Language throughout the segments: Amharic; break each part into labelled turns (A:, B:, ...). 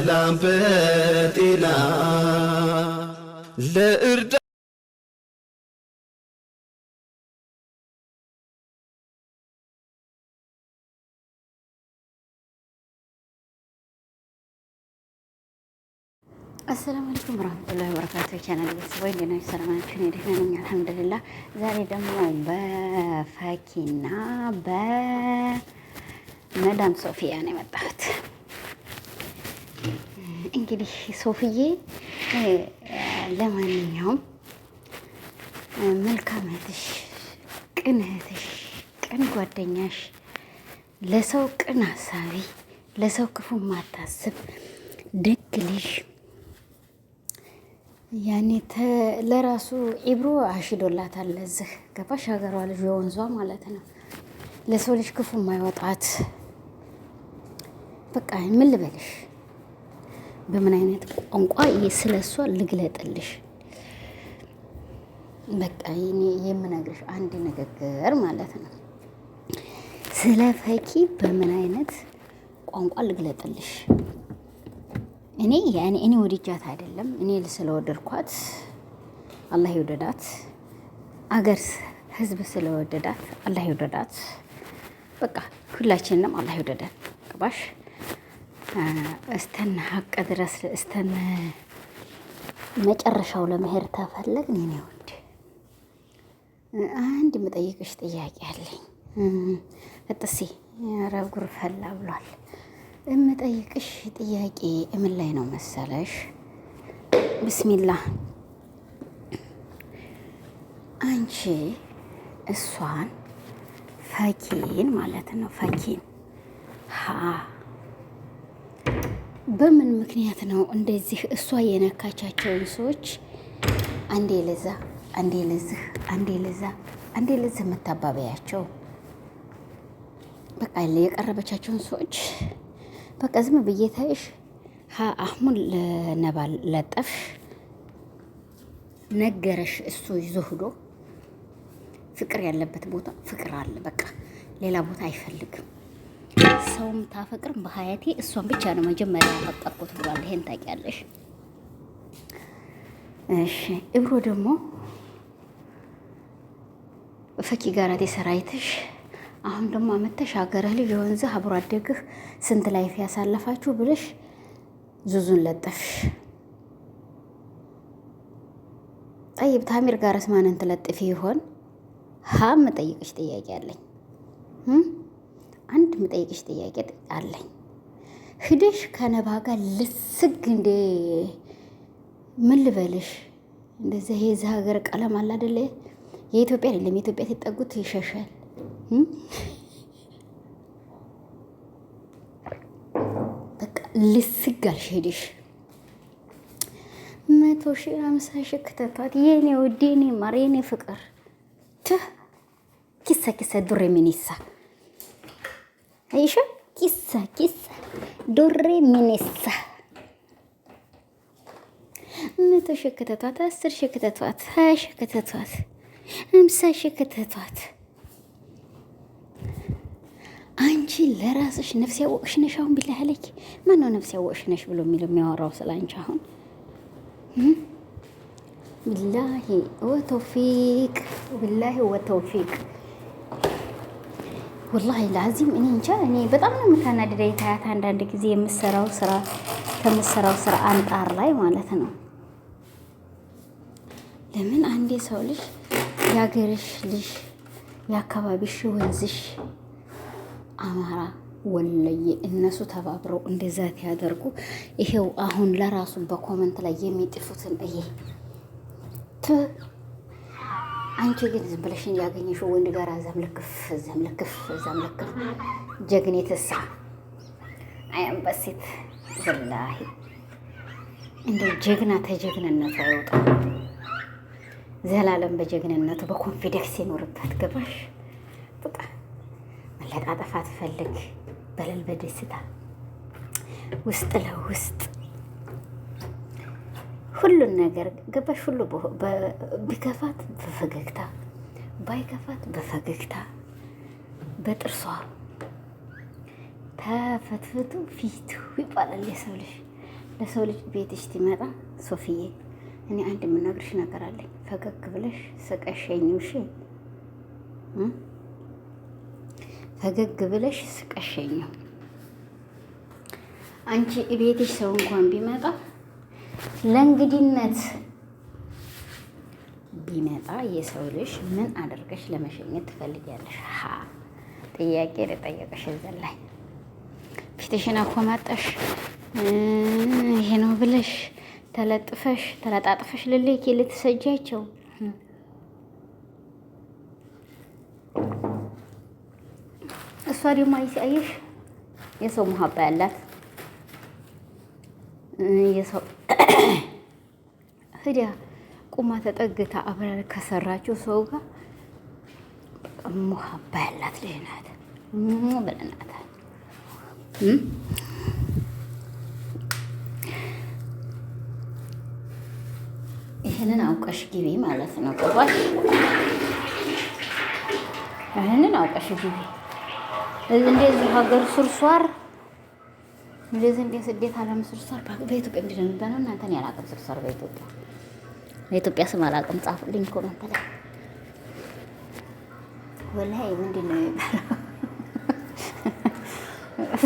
A: በሰላም በጤና
B: ለእርዳ አሰላሙ አለይኩም ወራህመቱላሂ ወበረካቱህ። ቻናል ቤተሰቦች እንዴት ናችሁ? ሰላም ናችሁ? እኔ ደህና ነኝ አልሐምዱሊላህ። ዛሬ ደግሞ በፈኪና በመዳም ሶፊያ ነው የመጣሁት። እንግዲህ ሶፍዬ ለማንኛውም መልካም እህትሽ፣ ቅን እህትሽ፣ ቅን ጓደኛሽ፣ ለሰው ቅን ሀሳቢ፣ ለሰው ክፉ ማታስብ ደግ ልሽ ያኔ ለራሱ ኢብሮ አሽዶላታል። ለዚህ ገባሽ ሀገሯ ልጅ የወንዟ ማለት ነው። ለሰው ልጅ ክፉ ማይወጣት በቃ ምን ልበልሽ በምን አይነት ቋንቋ ስለ እሷ ልግለጥልሽ? በቃ እኔ የምነግርሽ አንድ ንግግር ማለት ነው። ስለ ፈኪ በምን አይነት ቋንቋ ልግለጥልሽ? እኔ ያኔ እኔ ወድጃት አይደለም እኔ ስለወደድኳት አላህ ይወደዳት፣ አገር ህዝብ ስለወደዳት አላህ ይወደዳት። በቃ ሁላችንንም አላህ ይወደዳት። ቅባሽ እስተነ ሀቅ ድረስ እስተን መጨረሻው ለመሄድ ተፈለግ የኔ ውድ አንድ የምጠይቅሽ ጥያቄ አለኝ። እጥሴ ረብ ጉር ፈላ ብሏል። የምጠይቅሽ ጥያቄ ምን ላይ ነው መሰለሽ? ብስሚላህ አንቺ እሷን ፈኪን ማለት ነው ፈኪን በምን ምክንያት ነው እንደዚህ እሷ የነካቻቸውን ሰዎች አንዴ ለዛ፣ አንዴ ለዚህ፣ አንዴ ለዛ፣ አንዴ ለዚህ የምታባበያቸው? በቃ የቀረበቻቸውን ሰዎች በቃ ዝም ብዬ ታይሽ አህሙን ለነባል ለጠፍ ነገረሽ። እሱ ይዞ ሂዶ ፍቅር ያለበት ቦታ ፍቅር አለ። በቃ ሌላ ቦታ አይፈልግም። ሰው የምታፈቅርም በሀያቴ እሷን ብቻ ነው መጀመሪያ ያፈቀርኩት ብሏል። ይሄን ታውቂያለሽ። እሺ እብሮ ደግሞ ፈኪ ጋራት የሰራይትሽ አሁን ደግሞ አመተሽ ሀገረህ ልጅ የወንዝህ አብሮ አደግህ ስንት ላይፍ ያሳለፋችሁ ብለሽ ዙዙን ለጠፍሽ። ጠይብ ታሚር ጋር ስማንን ትለጥፊ ይሆን? ሀም ጠይቅሽ ጥያቄ አለኝ። አንድ ምጠይቅሽ ጥያቄ አለኝ። ሂደሽ ከነባ ጋር ልስግ እንደ ምን ልበልሽ እንደዚያ የዚህ ሀገር ቀለም አለ አይደለ? የኢትዮጵያ አይደለም። የኢትዮጵያ ትጠጉት ይሸሻል። በቃ ልስግ አልሽ ሄደሽ መቶ ሺ አምሳ ሺ ክተቷት የኔ ውድ የኔ ማር የኔ ፍቅር ትህ ኪሳ ኪሳ ዱር የሚኒሳ አይሻ ኪሳ ኪሳ ዱሬ ሚኔሳ መቶ ሺህ ከተቷት፣ አስር ሺህ ከተቷት፣ ሀያ ሺህ ከተቷት፣ አምሳ ሺህ ከተቷት። አንቺ ለራስሽ ነፍስ ያወቅሽ ነሽ። አሁን ቢላህ አለኪ ማን ነው ነፍስ ያወቅሽ ነሽ ብሎ የሚለው የሚያወራው ስለ አንቺ አሁን ብላሂ ወተውፊቅ ብላሂ ወተውፊቅ ወላሂ ላዚም እኔ እንጃ። እኔ በጣም ነው የምታናድደኝ ታያት አንዳንድ ጊዜ የምሰራው ስራ ከምሰራው ስራ አንጣር ላይ ማለት ነው። ለምን አንዴ ሰው ልጅ የአገርሽ ልጅ የአካባቢሽ ወንዝሽ አማራ ወለየ እነሱ ተባብረው እንደዛት ያደርጉ። ይሄው አሁን ለራሱ በኮመንት ላይ የሚጥፉትን እየ አንቺ ግን ዝም ብለሽ ያገኘሽው ወንድ ጋር እዛም ልክፍ እዛም ልክፍ እዛም ልክፍ። አያም በሴት ወላሂ እንደ ጀግና ተጀግንነቱ አይወጣ ዘላለም በጀግንነቱ በኮንፊደንስ ይኖርበት። ገባሽ? በቃ መለጣጠፍ አትፈልግ። በልል በደስታ ውስጥ ለውስጥ ሁሉን ነገር ገባሽ። ሁሉ ቢከፋት በፈገግታ ባይከፋት በፈገግታ በጥርሷ ተፈትፍቱ ፊቱ ይባላል የሰው ልጅ። ለሰው ልጅ ቤትሽ ትመጣ ሶፍዬ፣ እኔ አንድ የምናግርሽ ነገር አለኝ። ፈገግ ብለሽ ስቀሸኝው ሽ ፈገግ ብለሽ ስቀሸኝው አንቺ ቤትሽ ሰው እንኳን ቢመጣ ለእንግድነት ቢመጣ የሰው ልጅ ምን አድርገሽ ለመሸኘት ትፈልጊያለሽ? ሀ ጥያቄ ለጠየቀሽ እዘን ላይ ፊትሽን አኮማጠሽ ይሄ ነው ብለሽ ተለጥፈሽ ተለጣጥፈሽ ልልክ ልትሰጃቸው እሷ ደግሞ አይሲያየሽ የሰው ሙሀባ ያላት የሰው ህዲያ ቁማ ተጠግታ አብረን ከሰራችው ሰው ጋር ሙሀባ ያላት ልጅ ናት ብለናታል። ይህንን አውቀሽ ግቢ ማለት ነው። ገባሽ? ይህንን አውቀሽ ግቢ። እንደዚህ ሀገር ስርሷር እንደዚህ እንደ ስደት ዓለም ስርሷር በኢትዮጵያ እንዲደንበነው እናንተን ያላቅም ስርሷር በኢትዮጵያ በኢትዮጵያ ስም አላውቅም። ጻፉልኝ ኮመንት ላይ ወላሂ ምንድን ነው የሚባለው?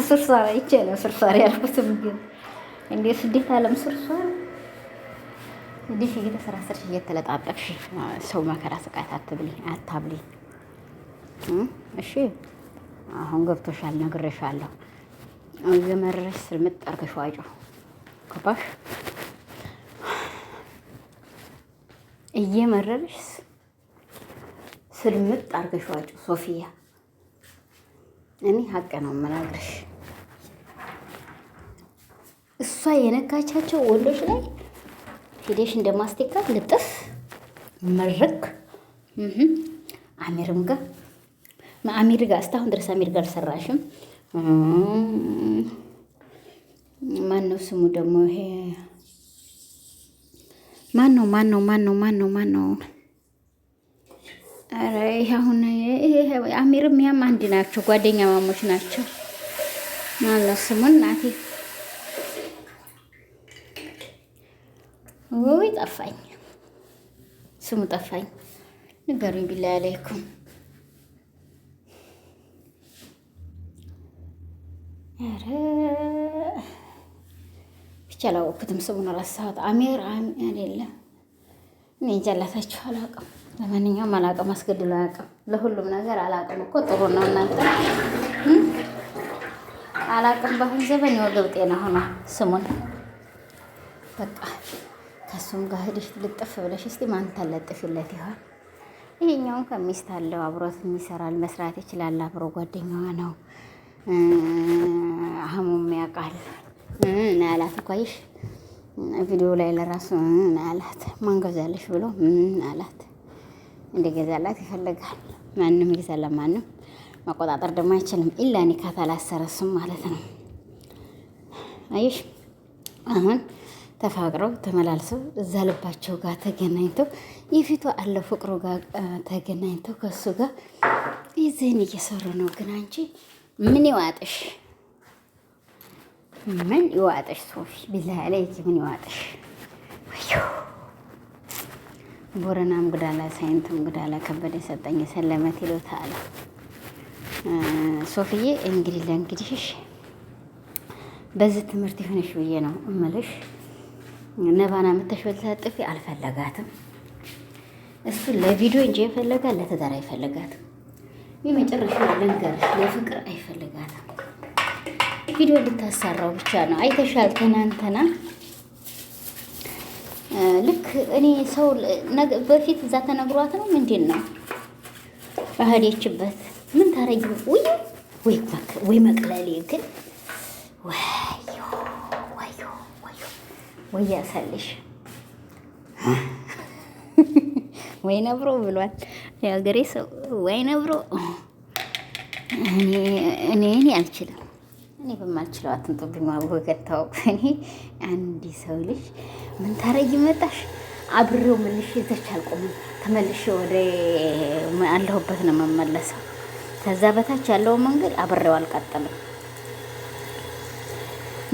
B: ስርሳር አይቼ ነው ስርሳር ያልኩትም ግን እንደ ስደት ዓለም ስርሳር እንዲህ እየተሰራሰርሽ እየተለጣጠፍሽ ሰው መከራ ስቃት አትብሊ አታብሊ። እሺ አሁን ገብቶሻል፣ ነግሬሻለሁ። እየመረረሽ ስልምጥ አርገሽ ዋጭው። ገባሽ? እየመረረሽ ስልምጥ አርገሽ ዋጭው ሶፊያ። እኔ ሀቅ ነው የምናግርሽ። እሷ የነካቻቸው ወንዶች ላይ ሄደሽ እንደማስቲካ ልጥፍ መርክ አሚርም ጋር አሚር ጋር እስካሁን ድረስ አሚር ጋር አልሰራሽም። ማነው ስሙ ደግሞ ይሄ ማን ነው ማን ነው ማን ነው ማን ነው ማን ነው? አረ አሁን አሚርም ያም አንድ ናቸው፣ ጓደኛ ማሞች ናቸው። ማን ነው ስሙን? ናቴ ወይ ጠፋኝ፣ ስሙ ጠፋኝ። ንገሩኝ፣ ቢላሂ አለይኩም አረ ያላወኩትም ስሙን ረሳሁት። አሜር አይደለም እኔ እንጃ ላታችሁ አላውቅም። ለማንኛውም አላውቅም፣ አስገድሎ አያውቅም። ለሁሉም ነገር አላውቅም እኮ ጥሩ ነው እናንተ አላውቅም። በአሁን ዘበን የወገብ ጤና ሆኖ ስሙን በቃ ከእሱም ጋር ሂደሽ ልጥፍ ብለሽ እስቲ ማን ታለጥፊለት ይሆን? ይሄኛውን ከሚስት አለው አብሮት የሚሰራል መስራት ይችላል። አብሮ ጓደኛዋ ነው። አህሙም ያውቃል ና ያላት እኮ ቪዲዮ ላይ ለራሱ ና ያላት ማን ገዛልሽ ብሎ አላት። እንደገዛላት ይፈልጋል። ማንም ይገዛለ ማንም መቆጣጠር ደግሞ አይችልም። ኢላ ኒካህ አላሰረሱም ማለት ነው። አይሽ አሁን ተፋቅረው ተመላልሰው እዛ ልባቸው ጋር ተገናኝተው የፊቱ አለ ፍቅሩ ጋር ተገናኝተው ከሱ ጋር ይዘን እየሰሩ ነው። ግን አንቺ ምን ይዋጥሽ? ምን ይዋጥሽ ሶፊ ቢላ ላይክ ምን ይዋጥሽ? ቦረናም ጉዳላ ሳይንትም ጉዳላ ከበደ የሰጠኝ የሰለመት ይሎታል። ሶፊዬ እንግዲህ ለእንግዲህሽ በዚህ ትምህርት ይሆንሽ ብዬ ነው እምልሽ። ነባና ምተሽ በልተለጥፊ አልፈለጋትም። እሱ ለቪዲዮ እንጂ የፈለጋት ለትዳር አይፈለጋትም። የመጨረሻ ልንገርሽ ለፍቅር አይፈለጋትም። ቪዲዮ ልታሰራው ብቻ ነው። አይተሻል ትናንትና ልክ እኔ ሰው በፊት እዛ ተነግሯት ነው ምንድን ነው ባህዴችበት ምን ታረጊ ወይ ወይ መቅለሌ ግን ወዮ ወዮ ወዮ ወይ ያሳልሽ ወይ ነብሮ ብሏል የሀገሬ ሰው ወይ ነብሮ እኔ እኔ አልችልም እኔ በማልችለው አትምጡብኝ ማወገት ታወቁ። እኔ አንድ ሰው ልጅ ምን ታረጊ መጣሽ? አብሬው መልሽ ይዘች አልቆምም። ተመልሼ ወደ አለሁበት ነው የምመለሰው። ከዛ በታች ያለው መንገድ አብሬው አልቀጠልም።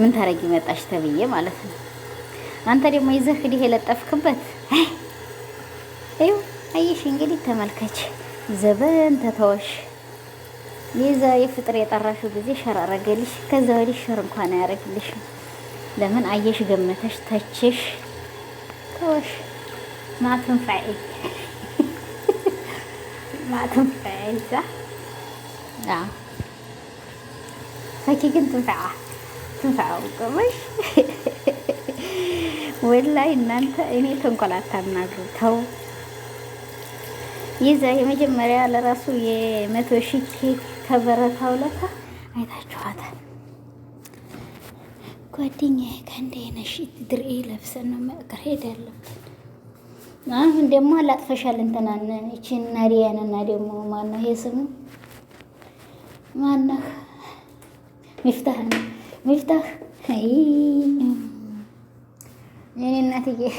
B: ምን ታረጊ መጣሽ ተብዬ ማለት ነው። አንተ ደግሞ ይዘህ እንዲህ የለጠፍክበት ይኸው አየሽ። እንግዲህ ተመልከች ዘበን ተተወሽ የዛ የፍጥር የጠራሽው ጊዜ ሸር አረገልሽ። ከዛ ወዲህ ሸር እንኳን አያረግልሽም። ለምን አየሽ፣ ገመተሽ፣ ተችሽ፣ ተወሽ። ማትንፋዒ ማትንፋዒ ዛ ፈኪ ግን ትንፈዓ ትንፈዓው ቀመሽ ወላይ እናንተ እኔ ተንኮል አታናግሩ ተው። የዛ የመጀመሪያ ለራሱ የመቶ ሺህ ኬክ ከበረታ ውለታ አይታችኋታል። ጓደኛዬ ከእንደ ነሽ ድርኤ ለብሰን ነው መቅረሄድ ያለብን። አሁን ደግሞ አላጥፈሻል እንትናን ይችን ናዲያን እና ደግሞ ማነው ይሄ ስሙ ማነው ሚፍታህ ነው ሚፍታህ የኔ እናትዬ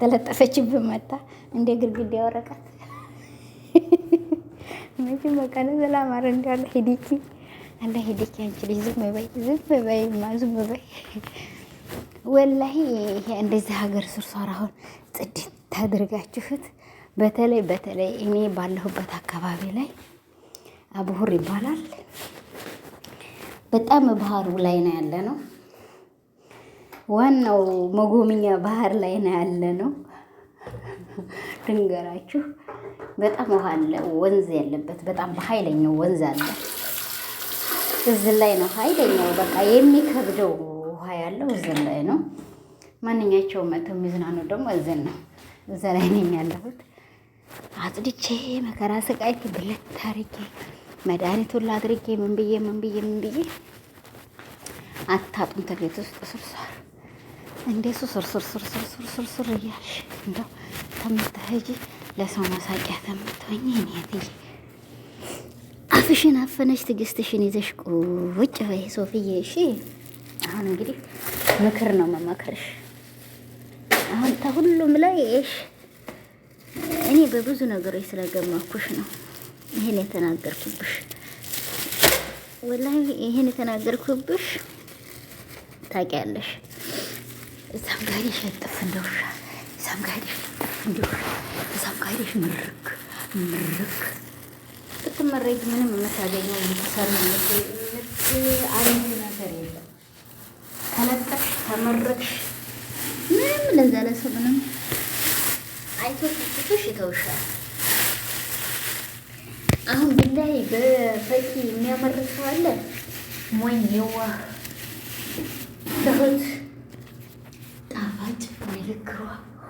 B: ተለጠፈችብን መጣ እንደ ግርግዳ ወረቀት መቼ መካነ ሰላም አረ እንዳለ ሄዲኪ አለ ሄዲኪ አንቺ ልጅ ዝም በይ ዝም በይ ማ ዝም በይ ወላሂ ይሄ እንደዚህ ሀገር ስር ሷር ጽድት ታደርጋችሁት። በተለይ በተለይ እኔ ባለሁበት አካባቢ ላይ አብሁር ይባላል። በጣም ባህሩ ላይ ነው ያለ ነው። ዋናው መጎብኛ ባህር ላይ ነው ያለ ነው። ድንገራችሁ በጣም ውሃ አለ፣ ወንዝ ያለበት በጣም በኃይለኛው ወንዝ አለ። እዚ ላይ ነው ኃይለኛው በቃ የሚከብደው ውሃ ያለው እዚ ላይ ነው። ማንኛቸውም መተው የሚዝናኑ ደግሞ እዚህ ነው። እዚ ላይ ነኝ ያለሁት። አጽድቼ መከራ ስቃይት ብለት ታሪኬ መድኃኒቱን ላድርጌ ምን ብዬ ምን ብዬ ምን ብዬ አታጡም ተቤት ውስጥ ስርሷር እንዴ ሱስር ሱር እያልሽ እንደው ተምተህ ለሰው መሳቂያ ተምትሆኝ ኔት አፍሽን አፈነሽ ትግስትሽን ይዘሽ ቁጭ በይ ሶፍዬ። እሺ አሁን እንግዲህ ምክር ነው መመከርሽ። አሁን ተሁሉም ላይ እሽ እኔ በብዙ ነገሮች ስለገማኩሽ ነው ይሄን የተናገርኩብሽ። ወላሂ ይሄን የተናገርኩብሽ ታውቂያለሽ። እዛም ጋር እንደውሻ እዛም እንዲሁ እዛም ምርክ ምርክ ስትመረጅ ምንም የምታገኘው የምትሰሪ የምትአረንጅ ነገር የለም። ተመረቅሽ ምንም ለዛ ለሰው ምንም አይቶ ትትሽ ይተውሻል። አሁን ብላይ በፈቂ የሚያመርቅ ሰው አለ ሞኝ የዋህ ትሁት ጣፋጭ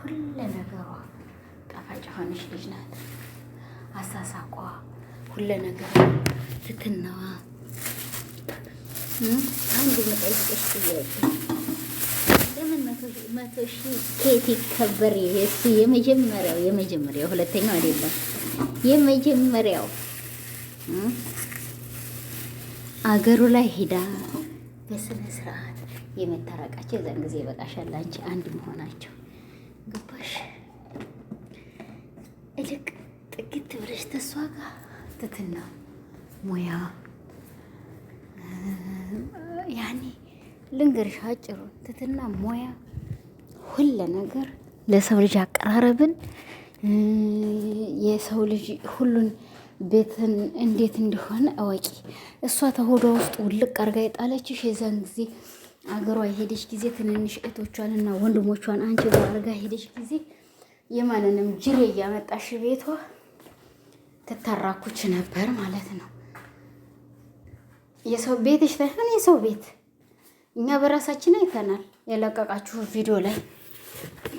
B: ሁሉ ነገሯ ጣፋጭ የሆነች ልጅ ናት። አሳሳቋ፣ ሁለ ነገሯ፣ ትትናዋ። አንድ መጠይቅሽ ጥያቄ ለምን መቶ ሺህ ኬት ይከበር? እሱ የመጀመሪያው የመጀመሪያው ሁለተኛው አይደለም የመጀመሪያው አገሩ ላይ ሂዳ በስነ ስርዓት የመታረቃቸው የዛን ጊዜ ይበቃሻል አንቺ አንድ መሆናቸው ገባሽ? ይልቅ ጥቂት ብለሽ ተስፋ ጋር ትትና ሙያ ያኔ ልንገርሽ አጭሩ ትትና ሙያ ሁለ ነገር ለሰው ልጅ አቀራረብን የሰው ልጅ ሁሉን ቤትን እንዴት እንደሆነ አዋቂ እሷ ተሆዷ ውስጥ ውልቅ አርጋ የጣለችሽ የዛን ጊዜ አገሯ የሄደች ጊዜ ትንንሽ እህቶቿንና ወንድሞቿን አንቺ አድርጋ ሄደች ጊዜ የማንንም ጅሬ እያመጣሽ ቤቷ ትታራኩች ነበር ማለት ነው። የሰው ቤትሽ ሳይሆን የሰው ቤት እኛ በራሳችን አይተናል። የለቀቃችሁ ቪዲዮ ላይ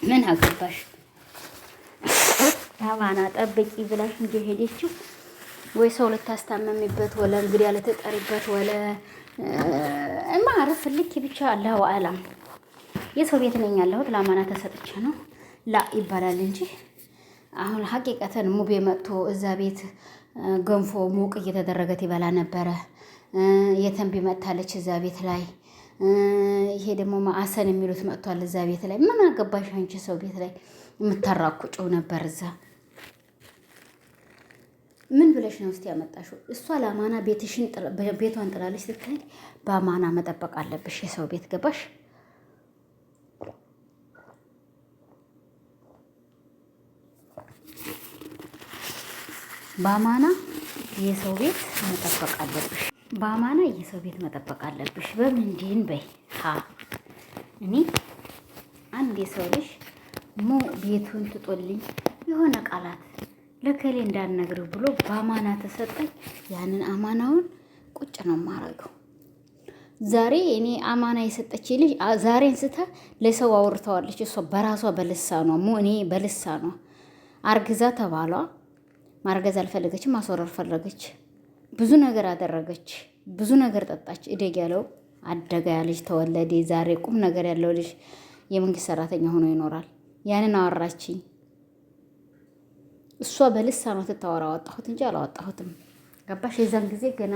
B: ምን አገባሽ ሀባና ጠብቂ ብላሽ እንጂ ሄደችው ወይ ሰው ልታስታመሚበት ወለ እንግዲያ ልትጠሪበት ወለ እማ ልክ ብቻ አላሁ አዕላም። የሰው ቤት ነኝ ያለሁት ለአማና ተሰጥቼ ነው ላ ይባላል እንጂ አሁን ሀቂቀተን ሙቤ መጥቶ እዛ ቤት ገንፎ ሙቅ እየተደረገት ይበላ ነበረ። የተንቢ መጥታለች እዛ ቤት ላይ። ይሄ ደግሞ ማዕሰን የሚሉት መጥቷል እዛ ቤት ላይ። ምን አገባሽ አንቺ ሰው ቤት ላይ የምታራኩጭው ነበር እዛ ምን ብለሽ ነው ውስጥ ያመጣሽው? እሷ ለአማና ቤትሽን ቤቷን ጥላለች ስትል በአማና መጠበቅ አለብሽ። የሰው ቤት ገባሽ? በአማና የሰው ቤት መጠበቅ አለብሽ። በአማና የሰው ቤት መጠበቅ አለብሽ። በምንድን በይ ሀ እኔ አንድ የሰው ልጅ ሞ ቤቱን ትጦልኝ የሆነ ቃላት ለከሌ እንዳልነግር ብሎ በአማና ተሰጠኝ። ያንን አማናውን ቁጭ ነው የማረገው። ዛሬ እኔ አማና የሰጠች ልጅ ዛሬ እንስታ ለሰው አውርተዋለች። እሷ በራሷ በልሳኗ እኔ በልሳኗ አርግዛ ተባሏ ማርገዝ አልፈለገች፣ ማስወረር ፈለገች። ብዙ ነገር አደረገች፣ ብዙ ነገር ጠጣች። እደግ ያለው አደጋ ልጅ ተወለደ። ዛሬ ቁም ነገር ያለው ልጅ የመንግስት ሰራተኛ ሆኖ ይኖራል። ያንን አወራችኝ። እሷ በልሳኗ ትታወራ አወጣሁት እንጂ አላወጣሁትም። ገባሽ? የዛን ጊዜ ገና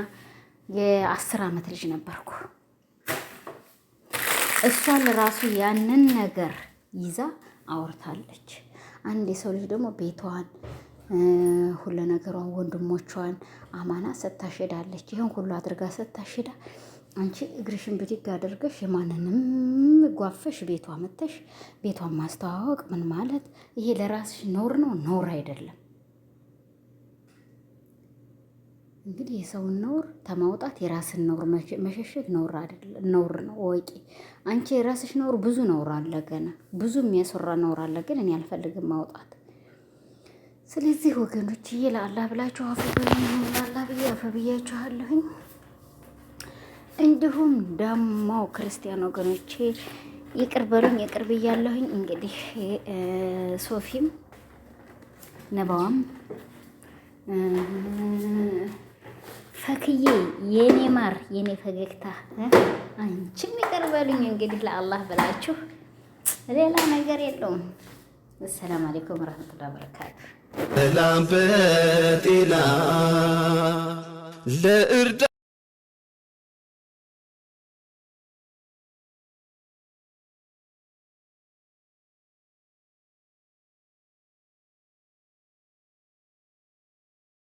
B: የአስር ዓመት ልጅ ነበርኩ። እሷን ራሱ ያንን ነገር ይዛ አውርታለች። አንድ የሰው ልጅ ደግሞ ቤቷን ሁለ ነገሯን ወንድሞቿን አማና ሰታሽዳለች። ይህን ሁሉ አድርጋ ሰታሽዳ አንቺ እግርሽን ብድግ አድርገሽ የማንንም ጓፈሽ ቤቷ መተሽ ቤቷን ማስተዋወቅ ምን ማለት ይሄ ለራስሽ ኖር ነው? ኖር አይደለም። እንግዲህ የሰውን ኖር ተማውጣት የራስን ኖር መሸሸግ ነውር ነውር ነው። ወቂ አንቺ የራስሽ ኖር ብዙ ኖር አለ፣ ገና ብዙ የሚያስወራ ኖር አለ፣ ግን እኔ አልፈልግም ማውጣት። ስለዚህ ወገኖች ይሄ ለአላህ ብላችሁ አፈ ብዬ አፈብያችኋለሁኝ እንዲሁም ደግሞ ክርስቲያን ወገኖቼ ይቅር በሉኝ፣ ይቅር ብያለሁኝ። እንግዲህ ሶፊም ነባዋም ፈክዬ የኔ ማር የኔ ፈገግታ አንቺም ይቅር በሉኝ። እንግዲህ ለአላህ ብላችሁ ሌላ ነገር የለውም። አሰላሙ አለይኩም ወራህመቱላሂ ወበረካቱ። ሰላም በጤና ለእርዳ